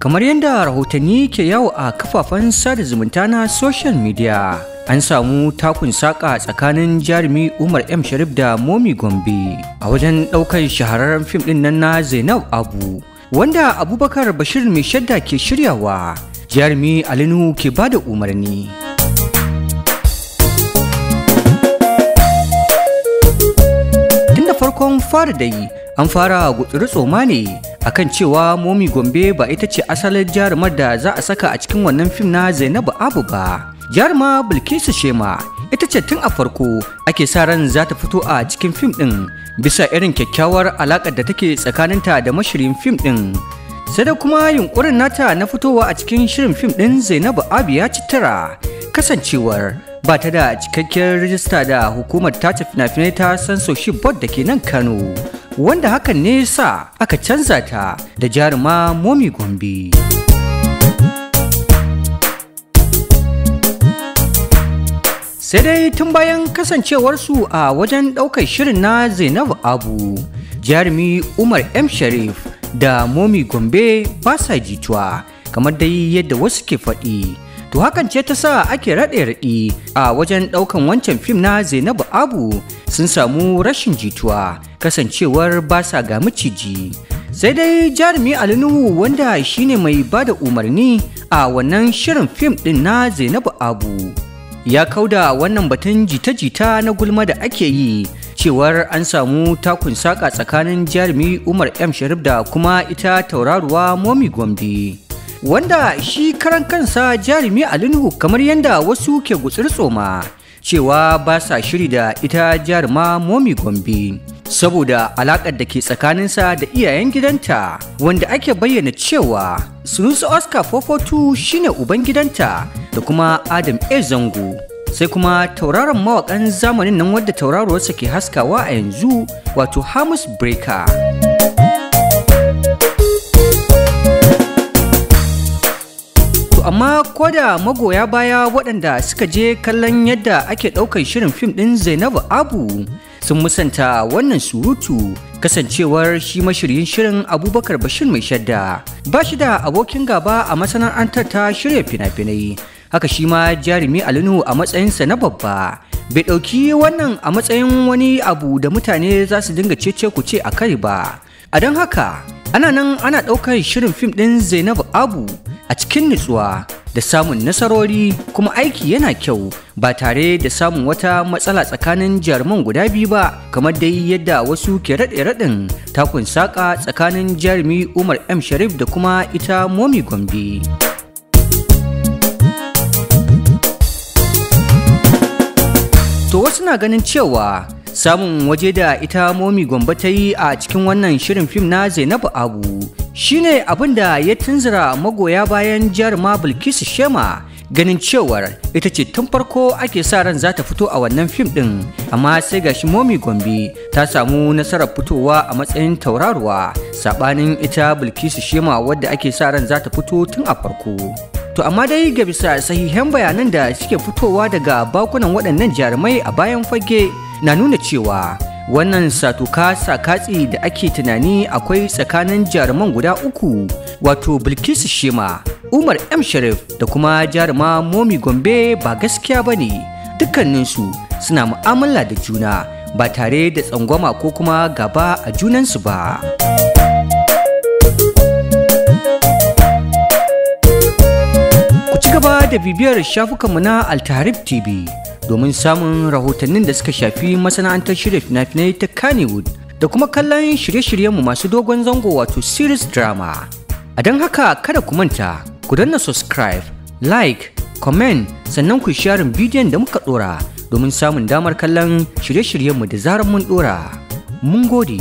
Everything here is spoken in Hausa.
Kamar yadda rahotanni ke yawo a kafafen sada zumunta na social media, an samu takun saƙa tsakanin jarumi Umar M. Sharif da Momi Gombe a wajen ɗaukar shahararren fim ɗin nan na Zainab Abu, wanda Abubakar Bashir mai shadda ke shiryawa, jarumi Alinu ke bada umarni. Tun da farkon fara dai, an fara gutsuri tsoma ne akan cewa momi gombe ba ita ce asalin jarumar da za a saka a cikin wannan fim na zainabu abu ba jaruma bilkisu shema ita ce tun a farko ake sa ran za ta fito a cikin fim ɗin bisa irin kyakkyawar alaƙar da take tsakaninta da mashirin fim ɗin sai da kuma yunƙurin nata na fitowa a cikin shirin fim ɗin zainabu abu ya ci tara kasancewar ba ta da cikakkiyar rijista da hukumar tace fina-finai ta censorship board da ke nan kano wanda hakan ne sa aka canza ta da jaruma momi gombe sai dai tun bayan kasancewarsu a wajen ɗaukar shirin na zainab abu jarumi umar m sharif da momi gombe ba sa jituwa kamar dai yadda wasu ke faɗi to hakan ce ta sa ake raɗe raɗi a wajen ɗaukan wancan fim na zainabu abu sun samu rashin jituwa kasancewar ba sa ga maciji sai dai jarumi alinuhu wanda shine mai ba da umarni a wannan shirin fim ɗin na zainabu abu ya kauda wannan batun jita-jita na gulma da ake yi cewar an samu takun saka tsakanin jarumi umar m sharif da kuma ita tauraruwa momi gwamdi wanda shi karan kansa jarumi Nuhu kamar yadda wasu ke gutsir tsoma cewa ba sa shiri da ita jaruma momi gombe saboda alaƙar da ke tsakaninsa da iyayen gidanta wanda ake bayyana cewa sunusu oscar fofotu shine uban gidanta da kuma adam a zango sai kuma tauraron mawakan zamanin nan wadda tauraruwarsa ke haskawa a yanzu wato hamus breaker amma koda magoya baya waɗanda suka je kallon yadda ake ɗaukar shirin fim ɗin Zainabu Abu sun musanta wannan surutu kasancewar shi mashiryin shirin Abubakar Bashir mai shadda ba shi da abokin gaba a masana'antar ta shirya fina-finai haka shi ma jarumi alinu a matsayinsa na babba bai ɗauki wannan a matsayin wani abu da mutane za su dinga cece ku ce a kai ba a don haka ana nan ana ɗaukar shirin fim ɗin zainabu abu a cikin nutsuwa da samun nasarori kuma aiki yana kyau ba tare da samun wata matsala tsakanin jaruman guda biyu ba kamar dai yadda wasu ke raɗe raɗin takun saƙa tsakanin jarumi umar m sharif da kuma ita momi gombe to wasu na ganin cewa samun waje da ita momi gombe ta yi a cikin wannan shirin fim na zainabu abu shine abin da ya tunzura magoya bayan jaruma bilkisu shema ganin cewar ita ce tun farko ake sa ran za ta fito a wannan fim din amma sai gashi momi gombe ta samu nasarar fitowa a matsayin tauraruwa sabanin ita bilkisu shema wadda ake sa ran za ta fito tun a farko To amma dai ga bisa sahihan bayanan da suke fitowa daga bakunan waɗannan jarumai a bayan fage na nuna cewa wannan satuka sakatsi da ake tunani akwai tsakanin jaruman guda uku wato bilkisu shema umar m sharif da kuma jaruma momi gombe ba gaskiya ba ne dukkaninsu suna mu'amala da juna ba tare da tsangwama ko kuma gaba a junansu ba ku ci gaba da bibiyar shafukanmu na altarib tv domin samun rahotannin da suka shafi masana'antar shirya fina-finai ta Kannywood da kuma kallon shirye-shiryenmu masu dogon zango wato series drama. A don haka kada ku manta, ku danna subscribe, like, comment sannan ku sharin bidiyon da muka ɗora domin samun damar kallon shirye-shiryenmu da zarar mun ɗora. Mun gode.